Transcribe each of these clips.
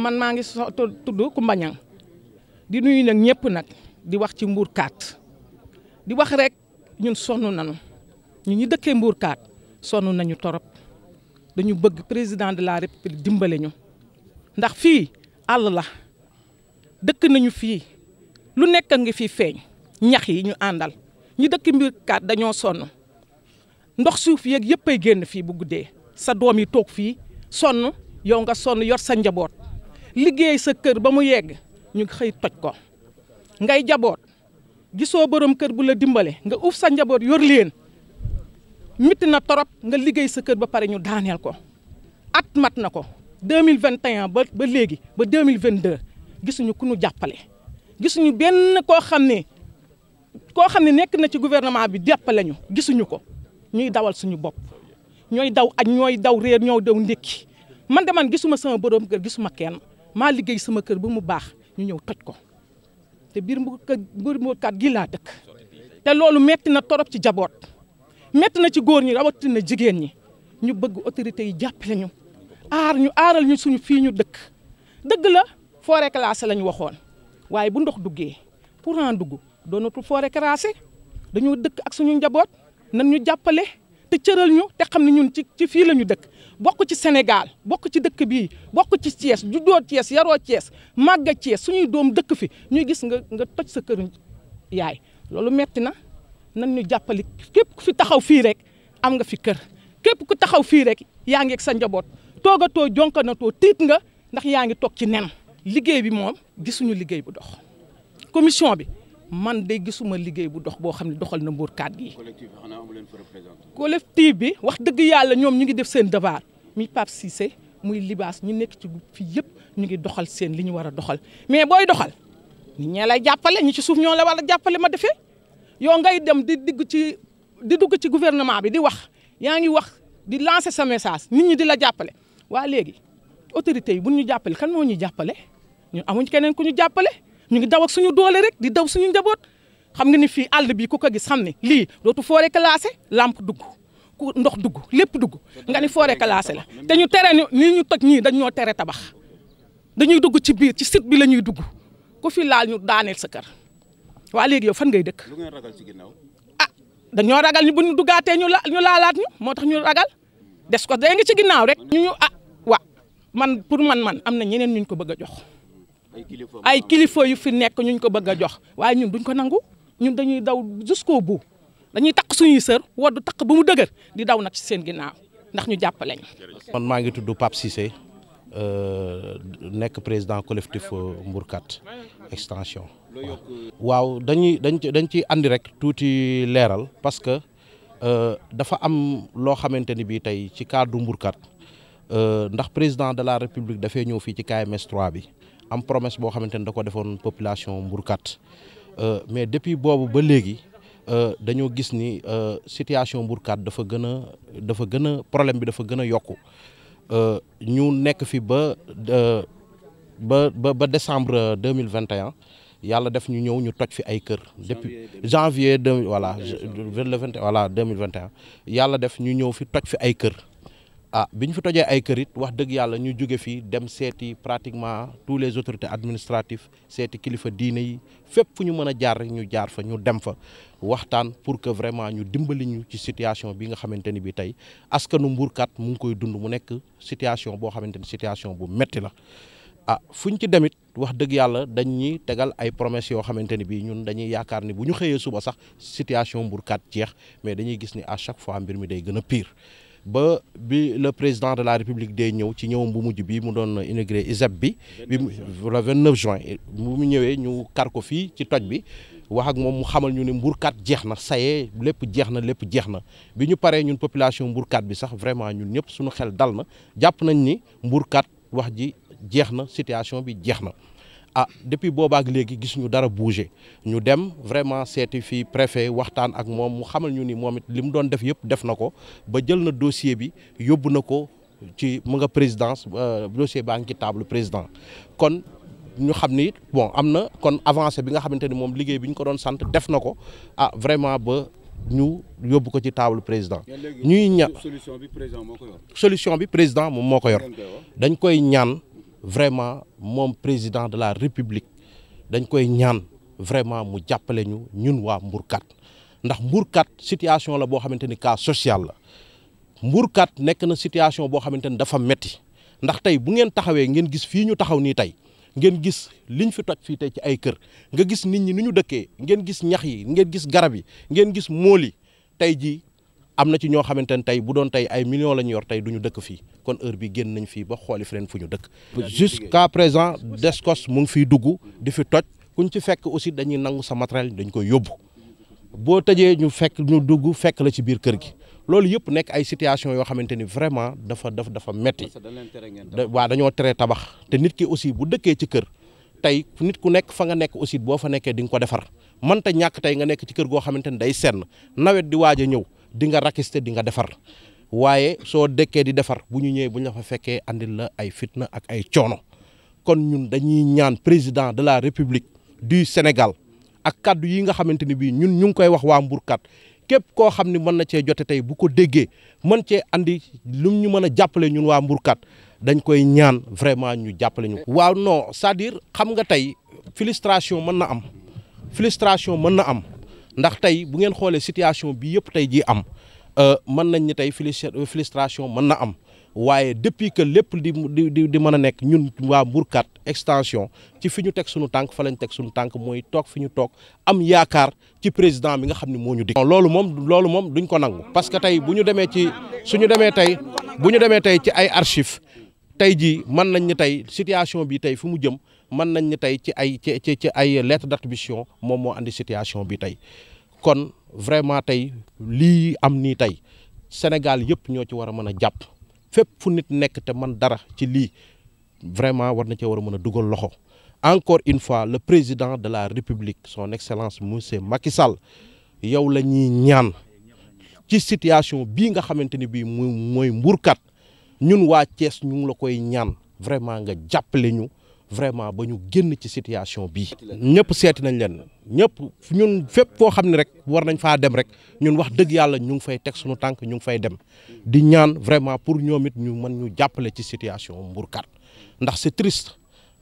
man maa ngi so tudd Kumba di nuyu nag ñëpp nag di wax ci Mbour 4 di wax rek ñun sonn nañu ñu ñu dëkkee Mbour 4 sonn nañu torop dañu bëgg président de la république dimbale ñu ndax fii àll la dëkk nañu fii lu nekk ngi fi feeñ ñax yi ñu àndal ñu dëkk Mbour 4 dañoo sonn ndox suuf yeeg yëpp ay génn fii bu guddee sa doom yi toog fii sonn yow nga sonn yor sa njaboot liggéey sa kër ba mu yegg ñu xëy toj ko ngay jaboot gisoo borom kër bu la dimbale nga uuf sa njaboot yor leen mitti na torop nga liggéey sa kër ba pare ñu daaneel ko at mat na ko deux mille vingt et ba ba léegi ba deux mille vingt deux gisuñu ku ñu jàppale. gisuñu benn koo xam ne koo xam ne nekk na ci gouvernement bi jàppale ñu gisuñu ko ñuy dawal suñu bopp ñooy daw ak ñooy daw réer ñoo daw ndékki man de man gisuma sama borom kër gisuma kenn. maa liggéey sama kër ba mu baax ñu ñëw toj ko te biir mbu mbir gi laa dëkk te loolu metti na torop ci jaboot metti na ci góor ñi rawatina jigéen ñi ñu bëgg autorité yi jàppale ñu aar ñu aaral ñu suñu fii ñu dëkk dëgg la forêt classée la ñu waxoon waaye bu ndox duggee courant dugg doonatul forêt classée dañoo dëkk ak suñu njaboot nan ñu jàppale te cëral ñu te xam ne ñun ci ci fii la ñu dëkk bokk ci Sénégal bokk ci dëkk bii bokk ci Thiès juddoo Thiès yaroo Thiès màgga Thiès suñuy doom dëkk fi ñuy gis nga nga toj sa kër yaay loolu metti na nan ñu jàppali képp ku fi taxaw fii rek am nga fi kër képp ku taxaw fii rek yaa ngi ak sa njaboot toogatoo jonkanatoo tiit nga ndax yaa ngi toog ci nen liggéey bi moom gisuñu liggéey bu dox commission bi man day gisuma liggéey bu dox boo xam ne doxal na kaat gi. collectif bi wax dëgg yàlla ñoom ñu ngi def seen devoir muy Pape Cissé muy Libaas ñu nekk ci fii yëpp ñu ngi doxal seen li ñu war a doxal mais booy doxal nit ñee lay jàppale ñi ci suuf ñoo la war a jàppale ma defee yow ngay dem di digg ci di dugg ci gouvernement bi di wax yaa ngi wax di lancer sa message nit ñi di la jàppale waa léegi autorités yi bu ñu jàppale kan moo ñuy jàppale ñu amuñ keneen ku ñu jàppale. ñu ngi daw ak suñu doole rek di daw suñu njaboot xam nga ni fii àll bi ko ko gis xam ne lii dootu forêt classée lampe dugg ku ndox dugg lépp dugg nga ni forêt classée la te ñu tere ni ñu toj ñii dañ ñoo tere tabax dañuy dugg ci biir ci sit bi la ñuy dugg ko fi laal ñu daaneel sa kër waa léegi yow fan ngay dëkk. lu ragal ci ginnaaw ah dañoo ragal ni bu ñu duggaatee ñu la ñu laalaat ñu moo tax ñu ragal des ko dee nga ci ginnaaw rek. ñu ñu ah wa man pour man man am na ñeneen ñu ko bëgg a jox. ay kilifa yu fi nekk ñuñ ko bëgg a jox waaye ñun duñ ko nangu ñun dañuy daw jusqu'au bu dañuy takk suñuy sër woddu takk ba mu dëgër di daw nag ci seen ginnaaw ndax ñu jàppale ñu. man maa ngi tudd Pape Cissé euh, nekk président collectif euh, Mbourkat extension. waaw dañuy dañ dañ ciy andi rek tuuti leeral parce que euh, dafa am loo xamante ni bii tey ci cadre Mbourkat ndax président de la république dafee ñëw fii ci KMS 3 bi. am promesse boo xamante ni da ko defoon population Mbourkat euh, mais depuis boobu ba léegi euh, dañoo gis ni euh, situation Mbourkat dafa gën a dafa gën a problème bi dafa gën a yokku ñu nekk fi ba ba ba ba décembre deux mille vingt et yàlla def ñu ñëw ñu toj fi ay kër depuis janvier deux voilà le vingt voilà deux mille vingt yàlla def ñu ñëw fi toj fi ay kër ah bi ñu fi tojee ay kërit wax dëgg yàlla ñu jóge fii dem seeti pratiquement tous les autorités administratives seeti kilifa diine yi fépp fu ñu mën a jaar rek ñu jaar fa ñu dem fa waxtaan pour que vraiment ñu dimbali ñu ci situation bi nga xamante ni bi tey nu mbuurkat mu ngi koy dund mu nekk situation boo xamante ni situation bu metti la ah fu ñu ci demit wax dëgg yàlla dañ ñuy tegal ay promesses yoo xamante ni bii ñun dañuy yaakaar ni bu ñu xëyee suba sax situation mbuurkat jeex mais dañuy gis ni à chaque fois mbir day gën a pire ba bi le président de la république day ñëw ci ñëw bu mujj bi mu doon inauguré ISEP bi bi le 29 juin bu mu ñëwee ñu kar ko fii ci toj bi wax ak moom mu xamal ñu ne mburkat jeex na saye lépp jeex na lépp jeex na bi ñu paree ñun population mburkat bi sax vraiment ñun ñëpp suñu xel dal na jàpp nañ ni mburkat wax ji jeex na situation bi jeex na ah depuis boobaak léegi gisuñu dara bougé ñu dem vraiment seeti fii préfet waxtaan ak moom mu xamal ñu ni moom it li mu doon def yëpp def na ko ba jël na dossier bi yóbbu na ko ci mu nga présidence euh, dossier baa ngi ci table président kon ñu xam ni bon am na kon avancé bi nga xamante ni moom liggéey bi ñu ko doon sant def na ko ah vraiment ba ñu yóbbu ko ci table président. ñuy ña solution bi président moo ko yor. solution bi président moom moo ko yor dañ koy ñaan. vraiment moom président de la république dañ koy ñaan vraiment mu jàppale ñu ñun waa Mbourkat ndax Mbourkat situation la boo xamante ni cas social la Mbourkat nekk na situation boo xamante ni dafa metti ndax tey bu ngeen taxawee ngeen gis fii ñu taxaw nii tey ngeen gis liñ fi toj fii tey ci ay kër nga gis nit ñi ni ñu dëkkee ngeen gis ñax yi ngeen gis garab yi ngeen gis mool tey jii am na ci ñoo xamante ne tey bu doon tey ay millions la yor tey duñu dëkk fii kon heure bi génn nañ fii ba xooli feneen fu ñu dëkk jusqu'à présent Descos mu ngi fiy dugg di fi toj kuñ ci fekk aussi dañuy nangu sa matériel dañ koy yóbbu boo tëjee ñu fekk ñu dugg fekk la ci biir kër gi loolu yëpp nekk ay situation yoo xamante ni vraiment dafa dafa dafa metti waa dañoo tere tabax te nit ki aussi bu dëkkee ci kër tey nit ku nekk fa nga nekk aussi boo fa nekkee di nga ko defar mënta ñàkk tey nga nekk ci kër goo xamante ni day senn nawet di waaj a ñëw dinga nga rakiste di nga defar waaye soo dekkee di defar bu ñu ñëwee bu ñu la fa fekkee andil la ay fitna ak ay coono kon ñun dañuy ñaan président de la république du Sénégal ak kàddu yi nga xamante ni bii ñun ñu ngi koy wax waa Mbourkat képp koo xam ni mën na cee jote tey bu ko déggee mën cee andi lu ñu mën a jàppalee ñun waa Mbourkat dañ koy ñaan vraiment ñu jàppale ñu. waaw non cest à xam nga tey frustration mën na am frustration mën na am. ndax tey bu ngeen xoolee situation bii yëpp tey jii am euh, mën nañ ni tey frustration mën na am waaye depuis que lépp di di di mën a nekk ñun waa Mbourkat extension ci fi ñu teg suñu tànk fa lañ teg suñu tànk mooy toog fi ñu toog am yaakaar ci président bi nga xam ne moo ñu dig loolu moom loolu moom duñ ko nangu parce que tey bu ñu demee ci suñu demee tey bu ñu demee tey ci ay archives tey jii mën nañ ni tey situation bi tey fu mu jëm mën nañ ni tey ci ay ci ci ay lettre d'attribution moom moo andi situation bi tey kon vraiment tey lii am nii tey Sénégal yëpp ñoo ci war a mën a jàpp fépp fu nit nekk te man dara ci lii vraiment war na cee war a mën a dugal loxo encore une fois le président de la République son excellence monsieur Macky Sall yow la ñuy ñaan ci situation bii nga xamante ni bii mooy mbuurkat ñun waa cees ñu la koy ñaan vraiment nga jàppale ñu. vraiment ba ñu génn ci situation bii. ñëpp seet nañ leen ñëpp ñun fépp foo xam ne rek war nañ faa dem rek ñun wax dëgg yàlla ñu ngi fay teg suñu tànk ñu ngi fay dem di ñaan vraiment pour ñoom it ñu mën ñu jàppale ci situation Mbourkat ndax c'est triste.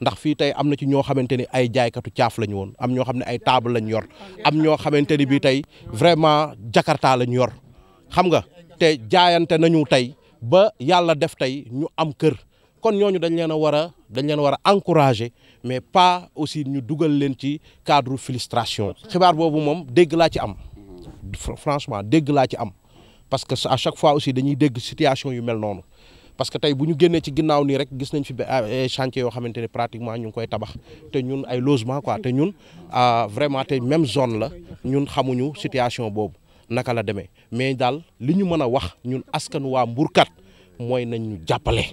ndax fii tey am na ci ñoo xamante ni ay jaaykatu caaf lañu woon am ñoo xam ne ay table lañ yor am ñoo xamante ni bii tey vraiment jakarta lañu yor xam nga te jaayante nañu tey ba yàlla def tey ñu am kër kon ñooñu dañ leen a war a dañ leen war a encourager mais pas aussi ñu dugal leen ci cadre filistration xibaar boobu moom dégg laa ci am franchement dégg laa ci am parce que à chaque fois aussi dañuy dégg situation yu mel noonu parce que tey bu ñu génnee ci ginnaaw nii rek gis nañ fi ah, ay chantier yoo xamante ne pratiquement ñu ngi koy tabax te ñun ay logement quoi te ñun ah, vraiment te même zone la ñun xamuñu situation boobu naka la demee mais daal li ñu mën a wax ñun askan waa Mbourkat mooy nañ ñu jàppale.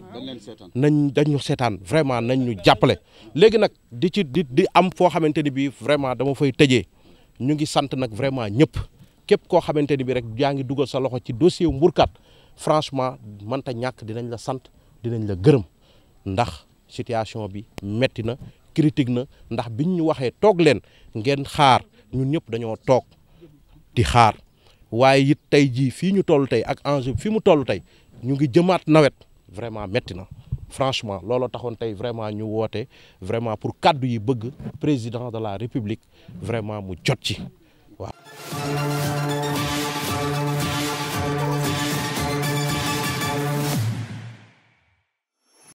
nañ dañu seetaan vraiment nañ ñu jàppale léegi nag di ci di di am foo xamante ni bii vraiment dama fay tëjee ñu ngi sant nag vraiment ñëpp képp koo xamante ni bii rek jaa ngi dugal sa loxo ci dossier mburkat franchement mënta ñàkk dinañ la sant dinañ la gërëm ndax situation bi metti na critique na ndax biñ ñu waxee toog leen ngeen xaar ñun ñëpp dañoo toog di xaar waaye it tey jii fii ñu toll tey ak enjeu fii mu toll tey ñu ngi jëmaat nawet vraiment métti na franchement loolo taxoon tey vraiment ñu woote vraiment pour kàddu yi bëgg président de la république vraiment mu jot ci waaw